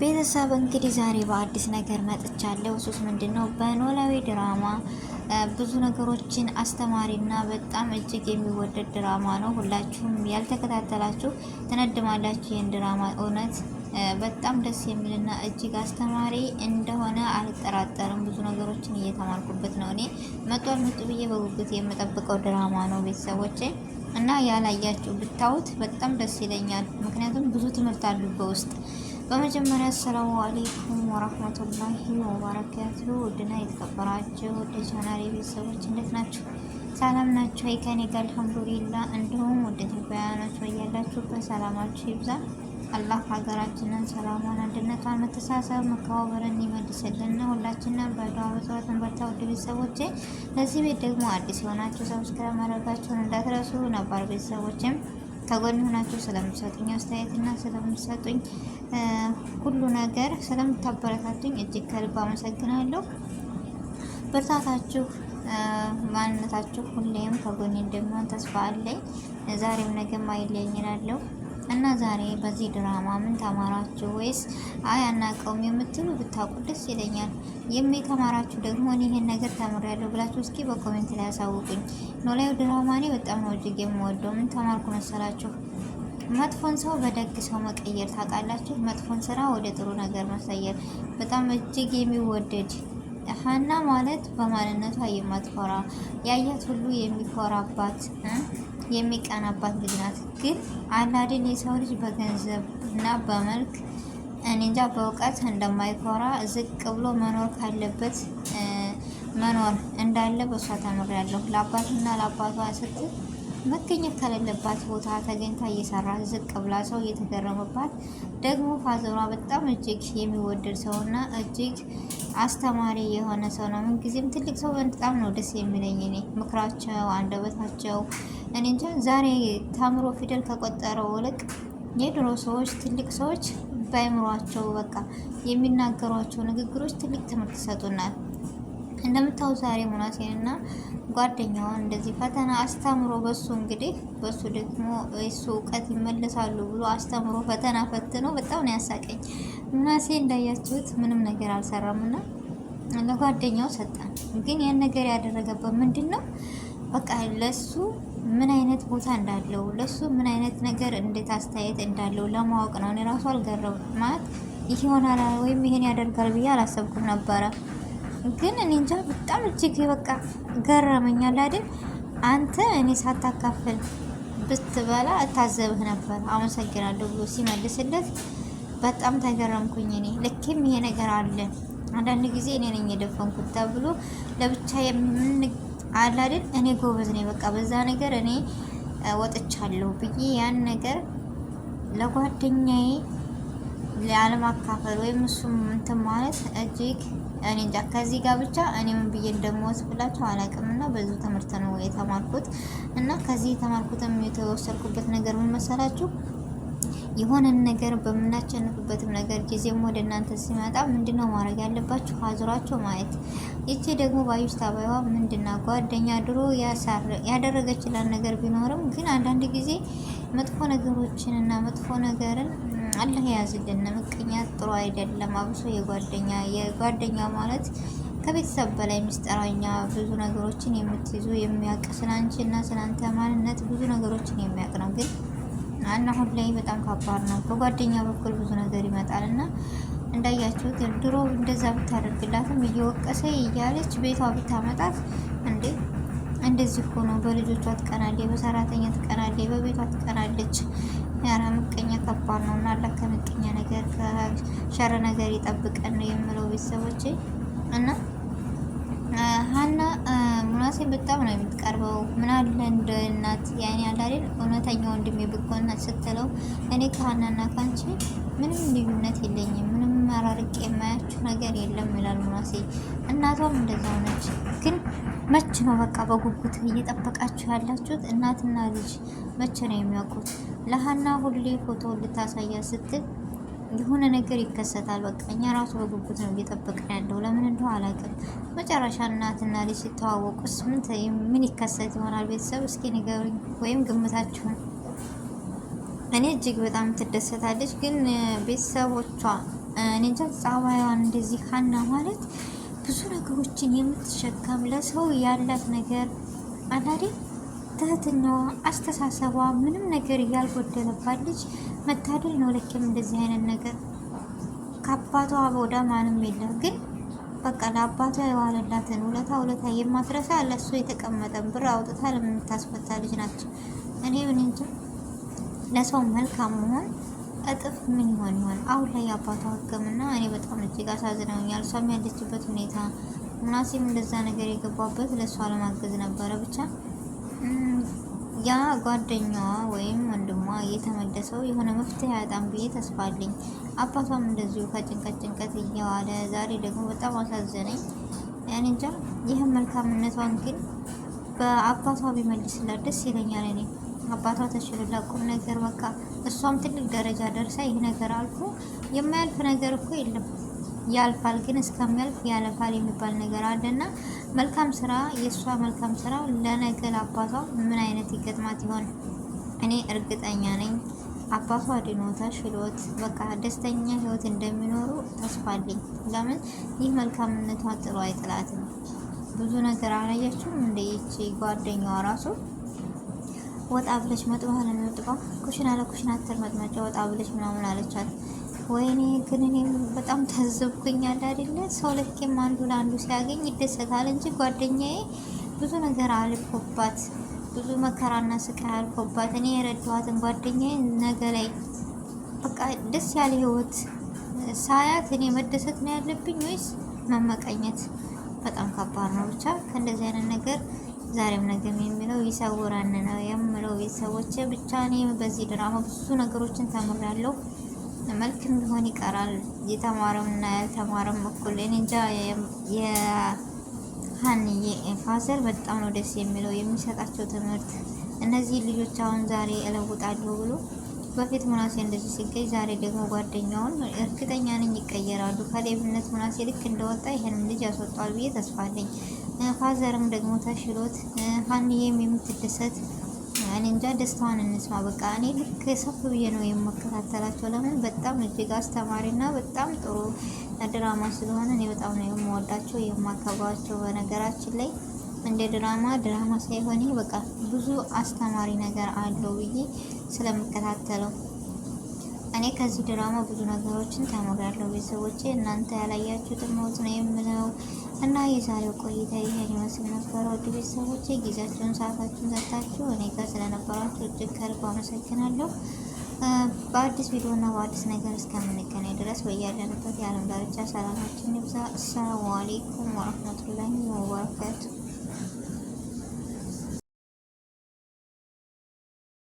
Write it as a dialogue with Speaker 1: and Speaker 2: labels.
Speaker 1: ቤተሰብ እንግዲህ ዛሬ በአዲስ ነገር መጥቻለሁ። እሱስ ምንድን ነው? በኖላዊ ድራማ ብዙ ነገሮችን አስተማሪና በጣም እጅግ የሚወደድ ድራማ ነው። ሁላችሁም ያልተከታተላችሁ ትነድማላችሁ። ይህን ድራማ እውነት በጣም ደስ የሚልና እጅግ አስተማሪ እንደሆነ አልጠራጠርም። ብዙ ነገሮችን እየተማርኩበት ነው። እኔ መጧል ምጡ ብዬ በጉጉት የምጠብቀው ድራማ ነው ቤተሰቦች እና ያላያችሁ ብታዩት በጣም ደስ ይለኛል። ምክንያቱም ብዙ ትምህርት አሉ በውስጥ በመጀመሪያ አሰላሙ አሌይኩም ወረህመቱላሂ ወበረካቱ። ውድና የተከበራችሁ ወደ ቻናል ቤተሰቦች እንዴት ናችሁ? ሰላም ናችሁ? ከኔ ጋር አልሐምዱሊላ። እንዲሁም ወደ ኢትዮጵያውያኖች ያላችሁበት በሰላማችሁ ይብዛ። አላህ ሀገራችንን ሰላሟን፣ አንድነቷን፣ መተሳሰብ፣ መከባበርን ይመልስልን። ሁላችንን በዱዓ በጸሎት እንበርታ። ውድ ቤተሰቦቼ ለዚህ ቤት ደግሞ አዲስ የሆናችሁ ሰብስክራይብ ማድረጋችሁን እንዳትረሱ። ነባር ቤተሰቦችም ከጎን ሆናችሁ ስለምትሰጡኝ አስተያየትና ስለምትሰጡኝ ሁሉ ነገር ስለምታበረታቱኝ እጅግ ከልብ አመሰግናለሁ። ብርታታችሁ፣ ማንነታችሁ ሁሌም ከጎኔ እንደሚሆን ተስፋ አለኝ። ዛሬም ነገም አይለየኝ እላለሁ። እና ዛሬ በዚህ ድራማ ምን ተማራችሁ? ወይስ አይ አናውቀውም የምትሉ ብታውቁ ደስ ይለኛል። የም ተማራችሁ ደግሞ እኔ ይሄን ነገር ተምሬያለሁ ብላችሁ እስኪ በኮሜንት ላይ ያሳውቁኝ። ኖላዊ ድራማ እኔ በጣም ነው እጅግ የምወደው። ምን ተማርኩ መሰላችሁ? መጥፎን ሰው በደግ ሰው መቀየር ታውቃላችሁ። መጥፎን ስራ ወደ ጥሩ ነገር መሰየር በጣም እጅግ የሚወደድ ሀና ማለት በማንነቷ የማትኮራ ያያት ሁሉ የሚኮራባት የሚቀናባት ልጅ ናት። ግን አላዲን የሰው ልጅ በገንዘብ እና በመልክ እንጃ በእውቀት እንደማይኮራ ዝቅ ብሎ መኖር ካለበት መኖር እንዳለ በእሷ ተምሬያለሁ። ለአባትና ለአባቷ ስትል መገኘት ከሌለባት ቦታ ተገኝታ እየሰራ ዝቅ ብላ ሰው እየተገረመባት፣ ደግሞ ፋዘሯ በጣም እጅግ የሚወደድ ሰውና እጅግ አስተማሪ የሆነ ሰው ነው። ምንጊዜም ትልቅ ሰው በጣም ነው ደስ የሚለኝ እኔ ምክራቸው፣ አንደበታቸው እኔ እንጃ ዛሬ ታምሮ ፊደል ከቆጠረው ይልቅ የድሮ ሰዎች ትልቅ ሰዎች ባይምሯቸው በቃ የሚናገሯቸው ንግግሮች ትልቅ ትምህርት ይሰጡናል። እንደምታው ዛሬ ሙናሴንና ጓደኛዋን እንደዚህ ፈተና አስተምሮ በሱ እንግዲህ በሱ ደግሞ የሱ እውቀት ይመለሳሉ ብሎ አስተምሮ ፈተና ፈትኖ በጣም ነው ያሳቀኝ። ሙናሴ እንዳያችሁት ምንም ነገር አልሰራም እና ለጓደኛው ሰጠን። ግን ያን ነገር ያደረገበት ምንድን ነው? በቃ ለሱ ምን አይነት ቦታ እንዳለው ለሱ ምን አይነት ነገር እንዴት አስተያየት እንዳለው ለማወቅ ነው። እኔ ራሱ አልገረም ማለት ይህ ይሆናል ወይም ይሄን ያደርጋል ብዬ አላሰብኩም ነበረ። ግን እኔ እንጃ በጣም እጅግ በቃ ገረመኛል አይደል? አንተ እኔ ሳታካፍል ብትበላ እታዘብህ ነበር አመሰግናለሁ ብሎ ሲመልስለት በጣም ተገረምኩኝ። እኔ ልክም ይሄ ነገር አለ አንዳንድ ጊዜ እኔ ነኝ የደፈንኩት ተብሎ ለብቻ የምን አላደል እኔ ጎበዝ ነኝ፣ በቃ በዛ ነገር እኔ ወጥቻለሁ ብዬ ያን ነገር ለጓደኛዬ ላለማካፈል ወይም እሱም እንትን ማለት እጅግ እኔ እንጃ። ከዚህ ጋር ብቻ እኔ ምን ብዬ እንደምወስድ ብላቸው አላውቅም። እና በዚሁ ትምህርት ነው የተማርኩት እና ከዚህ የተማርኩትም የተወሰድኩበት ነገር ምን መሰላችሁ? የሆነን ነገር በምናቸንፍበትም ነገር ጊዜም ወደ እናንተ ሲመጣ ምንድነው ማድረግ ያለባችሁ? አዙራቸው ማየት። ይቺ ደግሞ ባዩሽ ታባይዋ ምንድና ጓደኛ ድሮ ያደረገችላን ነገር ቢኖርም ግን አንዳንድ ጊዜ መጥፎ ነገሮችን መጥፎ ነገርን አላህ የያዝልን። ምቀኛ ጥሩ አይደለም። አብሶ የጓደኛ የጓደኛ ማለት ከቤተሰብ በላይ ሚስጠራኛ ብዙ ነገሮችን የምትይዙ የሚያውቅ ስላንቺ እና ስላንተ ማንነት ብዙ ነገሮችን የሚያውቅ ነው ግን እና አሁን ላይ በጣም ከባድ ነው። በጓደኛ በኩል ብዙ ነገር ይመጣል እና እንዳያችሁት ድሮ እንደዛ ብታደርግላትም እየወቀሰ እያለች ቤቷ ብታመጣት እንዴ እንደዚህ ሆኖ በልጆቿ ትቀናለች፣ በሰራተኛ ትቀናለች፣ በቤቷ ትቀናለች። ያራ ምቀኛ ከባድ ነው እና አላህ ከምቀኛ ነገር ከሸረ ነገር ይጠብቀን ነው የምለው ቤተሰቦቼ እና በጣም ነው የምትቀርበው። ምን አለ እንደ እናት ያኔ አለ እውነተኛ ወንድሜ ብኮን ስትለው እኔ ከሀናና ካንቺ ምንም ልዩነት የለኝም፣ ምንም መራርቅ የማያችሁ ነገር የለም ይላል ሙናሴ። እናቷም እንደዛ ሆነች። ግን መች ነው በቃ በጉጉት እየጠበቃችሁ ያላችሁት? እናትና ልጅ መቼ ነው የሚያውቁት? ለሀና ሁሌ ፎቶ ልታሳያ ስትል የሆነ ነገር ይከሰታል። በቃ እኛ ራሱ በጉጉት ነው እየጠበቅን ያለው ለምን እንደው አላውቅም። መጨረሻ እናትና ልጅ ሲተዋወቁስ ምን ይከሰት ይሆናል? ቤተሰብ እስኪ ንገሩኝ፣ ወይም ግምታችሁን። እኔ እጅግ በጣም ትደሰታለች፣ ግን ቤተሰቦቿ እኔ እንጃ ጸባይዋን እንደዚህ ሀና ማለት ብዙ ነገሮችን የምትሸከም ለሰው ያላት ነገር አላዴ ትህትናዋ፣ አስተሳሰቧ ምንም ነገር እያልጎደለባት ልጅ መታደል ነው። ልክም እንደዚህ አይነት ነገር ከአባቷ ወዳ ማንም የለም ግን በቃ ለአባቷ የዋለላትን ውለታ ውለታ የማትረሳ ለእሱ የተቀመጠን ብር አውጥታ ለምታስፈታ ልጅ ናቸው። እኔ ምን እንጂ ለሰው መልካም መሆን እጥፍ ምን ይሆን ይሆን? አሁን ላይ የአባቷ ሕክምና እኔ በጣም እጅግ አሳዝነውኛል። እሷም ያለችበት ሁኔታ ምናሴም እንደዛ ነገር የገባበት ለእሷ ለማገዝ ነበረ ብቻ ያ ጓደኛዋ ወይም ወንድሟ እየተመለሰው የሆነ መፍትሄ ያጣም ብዬ ተስፋ አለኝ። አባቷም እንደዚሁ ከጭንቀት ጭንቀት እየዋለ ዛሬ ደግሞ በጣም አሳዘነኝ። እኔ እንጃ ይህም መልካምነቷን ግን በአባቷ ቢመልስላት ደስ ይለኛል። እኔ አባቷ ተችሎላ ቁም ነገር በቃ እሷም ትልቅ ደረጃ ደርሳ ይህ ነገር አልፎ የማያልፍ ነገር እኮ የለም። ያልፋል ግን እስከሚያልፍ ያለፋል የሚባል ነገር አለና መልካም ስራ የእሷ መልካም ስራ ለነገ ለአባቷ ምን አይነት ይገጥማት ይሆን? እኔ እርግጠኛ ነኝ አባቷ ድኖ ሽሎት በቃ ደስተኛ ህይወት እንደሚኖሩ ተስፋ አለኝ። ለምን ይህ መልካምነቷ ጥሩ አይጥላትም። ብዙ ነገር አላያችሁም? እንደይች ጓደኛዋ ራሱ ወጣ ብለች መጥባህ ለሚወጥባ ኩሽና ለኩሽና መጥመጫ ወጣ ብለች ምናምን አለቻት። ወይኔ ግን እኔ በጣም ታዘብኩኛል አይደለ? ሰው ልኬም አንዱ ለአንዱ ሲያገኝ ይደሰታል እንጂ ጓደኛዬ ብዙ ነገር አልፎባት ብዙ መከራና ስቃይ አልፎባት እኔ የረዳኋትን ጓደኛዬ ነገ ላይ በቃ ደስ ያለ ህይወት ሳያት እኔ መደሰት ነው ያለብኝ ወይስ መመቀኘት? በጣም ከባድ ነው። ብቻ ከእንደዚህ አይነት ነገር ዛሬም ነገም የሚለው ይሰውረን ነው የምለው ቤተሰቦች። ብቻ እኔ በዚህ ድራማ ብዙ ነገሮችን ተምሬያለሁ። መልክም ቢሆን ይቀራል። እና ያልተማረም እኩል እንጃ። የሀን ፋዘር በጣም ነው ደስ የሚለው የሚሰጣቸው ትምህርት። እነዚህ ልጆች አሁን ዛሬ እለውጣለሁ ብሎ በፊት ሙናሴ እንደዚህ ሲገኝ፣ ዛሬ ደግሞ ጓደኛውን እርግጠኛ ነኝ ይቀየራሉ። ከሌብነት ሙናሴ ልክ እንደወጣ ይህንም ልጅ ያስወጣል ብዬ ተስፋለኝ ፋዘርም ደግሞ ተሽሎት ሀንዬም የምትደሰት እኔ እንጃ ደስታዋን እንስማ። በቃ እኔ ልክ ሰፍ ብዬ ነው የምከታተላቸው። ለምን በጣም እጅግ አስተማሪና በጣም ጥሩ ድራማ ስለሆነ እኔ በጣም ነው የምወዳቸው የማከብሯቸው። በነገራችን ላይ እንደ ድራማ ድራማ ሳይሆን በቃ ብዙ አስተማሪ ነገር አለው ብዬ ስለምከታተለው እኔ ከዚህ ድራማ ብዙ ነገሮችን ተምሬያለሁ። ቤተሰቦች እናንተ ያላያችሁትን ሞት ነው የምለው እና የዛሬው ቆይታ ይሄን ይመስል ነበር። ወድ ቤተሰቦች ጊዜያችሁን ሰዓታችሁን ሰጥታችሁ እኔ ጋር ስለነበራችሁ እጅግ ከልብ አመሰግናለሁ። በአዲስ ቪዲዮ እና በአዲስ ነገር እስከምንገናኝ ድረስ በያለንበት የዓለም ዳርቻ ሰላማችን ይብዛ። አሰላሙ አሌይኩም ወረህመቱላሂ ወበረካቱ።